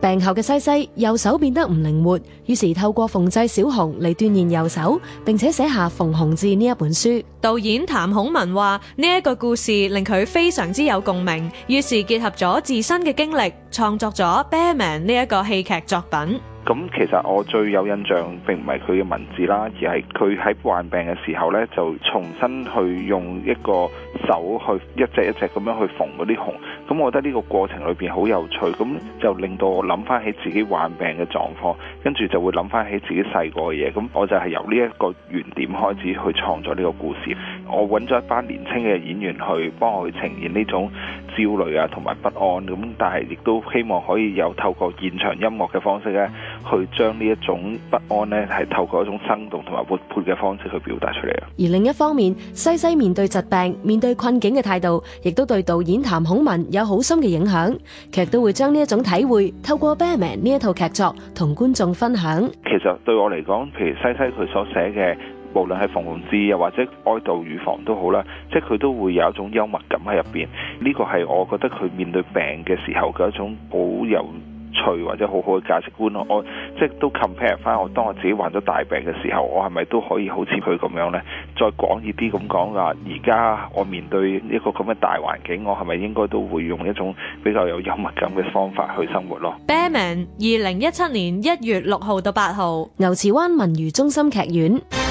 病後嘅西西右手變得唔靈活，於是透過縫製小熊嚟鍛煉右手，並且寫下《縫熊志》呢一本書。導演譚孔文話：呢一個故事令佢非常之有共鳴，於是結合咗自身嘅經歷，創作咗《Bear Man》呢一個戲劇作品。咁其實我最有印象並唔係佢嘅文字啦，而係佢喺患病嘅時候呢，就重新去用一個手去一隻一隻咁樣去縫嗰啲紅。咁我覺得呢個過程裏邊好有趣，咁就令到我諗翻起自己患病嘅狀況，跟住就會諗翻起自己細個嘅嘢。咁我就係由呢一個原點開始去創作呢個故事。我揾咗一班年輕嘅演員去幫我去呈現呢種，焦慮啊，同埋不安咁，但係亦都希望可以有透過現場音樂嘅方式咧，去將呢一種不安咧，係透過一種生動同埋活潑嘅方式去表達出嚟。而另一方面，西西面對疾病、面對困境嘅態度，亦都對導演譚孔文有好深嘅影響。劇都會將呢一種體會，透過《Batman》呢一套劇作同觀眾分享。其實對我嚟講，譬如西西佢所寫嘅。無論係《縫熊志》又或者《哀悼乳房》都好啦，即係佢都會有一種幽默感喺入邊。呢個係我覺得佢面對病嘅時候嘅一種好有趣或者好好嘅價值觀咯。我即係都 compare 翻我當我自己患咗大病嘅時候，我係咪都可以好似佢咁樣呢？再廣闊啲咁講啦！而家我面對一個咁嘅大環境，我係咪應該都會用一種比較有幽默感嘅方法去生活咯？Bearman，二零一七年一月六號到八號，牛池灣文娛中心劇院。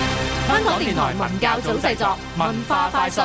香港電台文教組製作《文化快訊》。